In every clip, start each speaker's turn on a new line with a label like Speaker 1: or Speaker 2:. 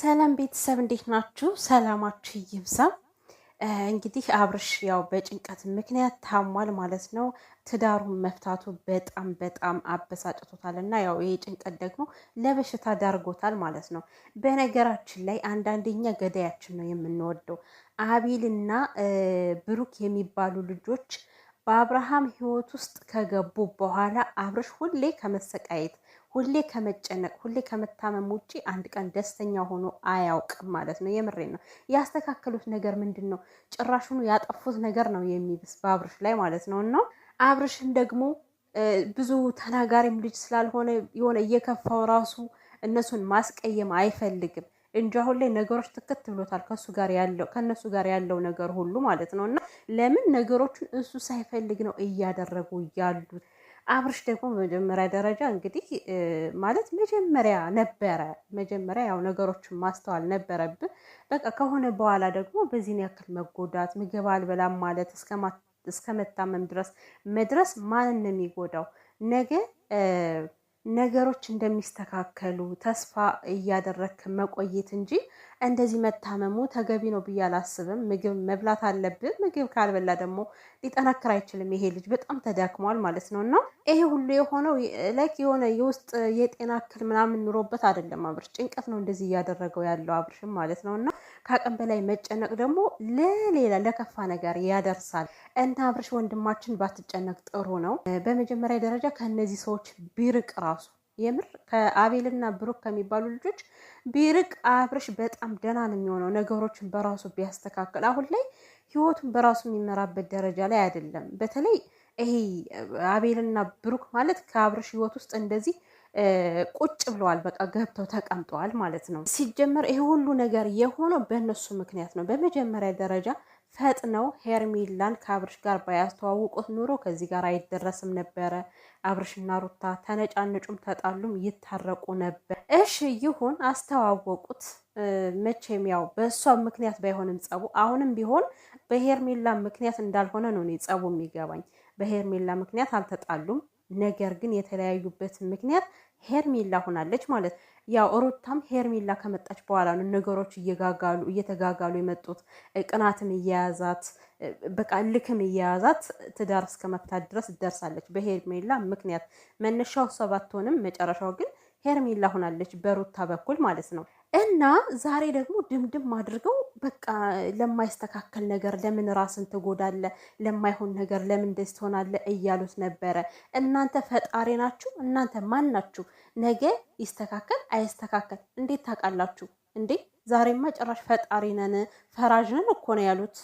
Speaker 1: ሰላም ቤተሰብ እንዴት ናችሁ? ሰላማችሁ ይብዛ። እንግዲህ አብርሽ ያው በጭንቀት ምክንያት ታሟል ማለት ነው። ትዳሩን መፍታቱ በጣም በጣም አበሳጭቶታል እና ያው ይህ ጭንቀት ደግሞ ለበሽታ ዳርጎታል ማለት ነው። በነገራችን ላይ አንዳንደኛ ገዳያችን ነው የምንወደው አቢልና ብሩክ የሚባሉ ልጆች በአብርሃም ህይወት ውስጥ ከገቡ በኋላ አብርሽ ሁሌ ከመሰቃየት፣ ሁሌ ከመጨነቅ፣ ሁሌ ከመታመም ውጪ አንድ ቀን ደስተኛ ሆኖ አያውቅም ማለት ነው። የምሬን ነው። ያስተካከሉት ነገር ምንድን ነው? ጭራሹኑ ያጠፉት ነገር ነው የሚብስ በአብርሽ ላይ ማለት ነው። እና አብርሽን ደግሞ ብዙ ተናጋሪም ልጅ ስላልሆነ የሆነ እየከፋው ራሱ እነሱን ማስቀየም አይፈልግም። እንጂ አሁን ላይ ነገሮች ትክት ብሎታል። ከሱ ጋር ያለው ከነሱ ጋር ያለው ነገር ሁሉ ማለት ነው። እና ለምን ነገሮቹን እሱ ሳይፈልግ ነው እያደረጉ ያሉት። አብርሽ ደግሞ መጀመሪያ ደረጃ እንግዲህ ማለት መጀመሪያ ነበረ መጀመሪያ ያው ነገሮችን ማስተዋል ነበረብን። በቃ ከሆነ በኋላ ደግሞ በዚህን ያክል መጎዳት፣ ምግብ አልበላም ማለት እስከ መታመም ድረስ መድረስ ማንን ነው የሚጎዳው ነገ ነገሮች እንደሚስተካከሉ ተስፋ እያደረክ መቆየት እንጂ እንደዚህ መታመሙ ተገቢ ነው ብዬ አላስብም። ምግብ መብላት አለብን። ምግብ ካልበላ ደግሞ ሊጠናክር አይችልም። ይሄ ልጅ በጣም ተዳክሟል ማለት ነው። እና ይሄ ሁሉ የሆነው ላይክ የሆነ የውስጥ የጤና እክል ምናምን ኑሮበት አይደለም። አብርሽ ጭንቀት ነው እንደዚህ እያደረገው ያለው አብርሽም ማለት ነው። እና ከአቅም በላይ መጨነቅ ደግሞ ለሌላ ለከፋ ነገር ያደርሳል። እና አብርሽ ወንድማችን ባትጨነቅ ጥሩ ነው። በመጀመሪያ ደረጃ ከእነዚህ ሰዎች ቢርቅ ራሱ የምር ከአቤልና ብሩክ ከሚባሉ ልጆች ቢርቅ አብርሽ በጣም ደህና ነው የሚሆነው፣ ነገሮችን በራሱ ቢያስተካክል። አሁን ላይ ህይወቱን በራሱ የሚመራበት ደረጃ ላይ አይደለም። በተለይ ይሄ አቤልና ብሩክ ማለት ከአብርሽ ህይወት ውስጥ እንደዚህ ቁጭ ብለዋል። በቃ ገብተው ተቀምጠዋል ማለት ነው። ሲጀመር ይሄ ሁሉ ነገር የሆነው በእነሱ ምክንያት ነው። በመጀመሪያ ደረጃ ፈጥነው ሄርሜላን ከአብርሽ ጋር ባያስተዋውቁት ኑሮ ከዚህ ጋር አይደረስም ነበረ። አብርሽና ሩታ ተነጫነጩም ተጣሉም ይታረቁ ነበር። እሺ ይሁን፣ አስተዋወቁት። መቼም ያው በእሷ ምክንያት ባይሆንም ጸቡ አሁንም ቢሆን በሄርሚላ ምክንያት እንዳልሆነ ነው እኔ ጸቡ የሚገባኝ። በሄርሜላ ምክንያት አልተጣሉም። ነገር ግን የተለያዩበት ምክንያት ሄርሜላ ሆናለች ማለት ያው ሩታም ሄርሜላ ከመጣች በኋላ ነው ነገሮች እየጋጋሉ እየተጋጋሉ የመጡት። ቅናትም እየያዛት በቃ ልክም እየያዛት ትዳር እስከ መፍታት ድረስ ደርሳለች በሄርሜላ ምክንያት። መነሻው እሷ ባትሆንም መጨረሻው ግን ሄርሜላ ሆናለች በሩታ በኩል ማለት ነው። እና ዛሬ ደግሞ ድምድም አድርገው በቃ ለማይስተካከል ነገር ለምን ራስን ትጎዳለ? ለማይሆን ነገር ለምን ደስ ትሆናለ? እያሉት ነበረ። እናንተ ፈጣሪ ናችሁ? እናንተ ማን ናችሁ? ነገ ይስተካከል አይስተካከል እንዴት ታውቃላችሁ እንዴ? ዛሬማ ጭራሽ ፈጣሪ ነን ፈራጅ ነን እኮ ነው ያሉት።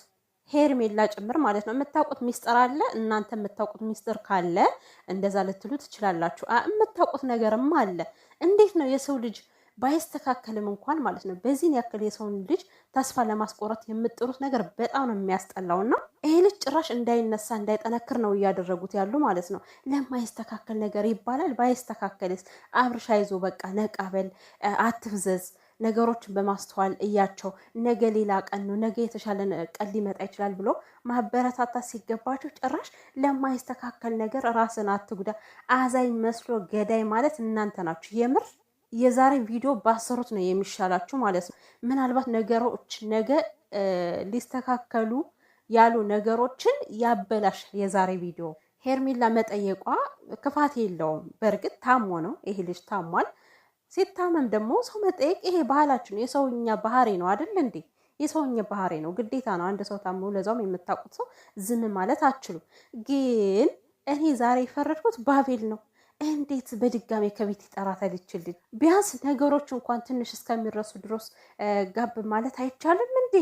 Speaker 1: ሄርሜላ ጭምር ማለት ነው። የምታውቁት ሚስጥር አለ። እናንተ የምታውቁት ሚስጥር ካለ እንደዛ ልትሉ ትችላላችሁ። የምታውቁት ነገርም አለ። እንዴት ነው የሰው ልጅ ባይስተካከልም እንኳን ማለት ነው በዚህን ያክል የሰውን ልጅ ተስፋ ለማስቆረጥ የምጥሩት ነገር በጣም ነው የሚያስጠላው። እና ይሄ ልጅ ጭራሽ እንዳይነሳ እንዳይጠነክር ነው እያደረጉት ያሉ ማለት ነው። ለማይስተካከል ነገር ይባላል። ባይስተካከልስ አብርሻ ይዞ በቃ ነቃበል፣ አትፍዘዝ ነገሮችን በማስተዋል እያቸው ነገ ሌላ ቀን ነው፣ ነገ የተሻለ ቀን ሊመጣ ይችላል ብሎ ማበረታታት ሲገባቸው ጭራሽ ለማይስተካከል ነገር ራስን አትጉዳ አዛኝ መስሎ ገዳይ ማለት እናንተ ናችሁ የምር የዛሬ ቪዲዮ ባሰሩት ነው የሚሻላችሁ ማለት ነው። ምናልባት ነገሮች ነገ ሊስተካከሉ ያሉ ነገሮችን ያበላሽ የዛሬ ቪዲዮ። ሄርሜላ መጠየቋ ክፋት የለውም። በእርግጥ ታሞ ነው ይሄ ልጅ ታሟል። ሲታመም ደግሞ ሰው መጠየቅ ይሄ ባህላችን የሰውኛ ባህሪ ነው አይደል እንዴ? የሰውኛ ባህሪ ነው፣ ግዴታ ነው። አንድ ሰው ታሞ ለዛውም የምታውቁት ሰው ዝም ማለት አችሉ ግን እኔ ዛሬ የፈረድኩት ባቤል ነው። እንዴት በድጋሜ ከቤት ይጠራታል? ይችልኝ ቢያንስ ነገሮች እንኳን ትንሽ እስከሚረሱ ድረስ ጋብ ማለት አይቻልም እንዴ?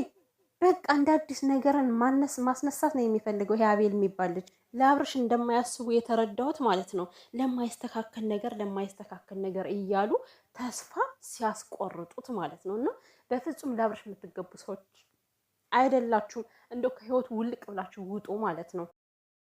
Speaker 1: በቃ እንደ አዲስ ነገርን ማነስ ማስነሳት ነው የሚፈልገው ይሄ አቤል የሚባል ልጅ። ለአብርሽ እንደማያስቡ የተረዳሁት ማለት ነው። ለማይስተካከል ነገር ለማይስተካከል ነገር እያሉ ተስፋ ሲያስቆርጡት ማለት ነው። እና በፍጹም ለአብርሽ የምትገቡ ሰዎች አይደላችሁም። እንደው ከህይወት ውልቅ ብላችሁ ውጡ ማለት ነው።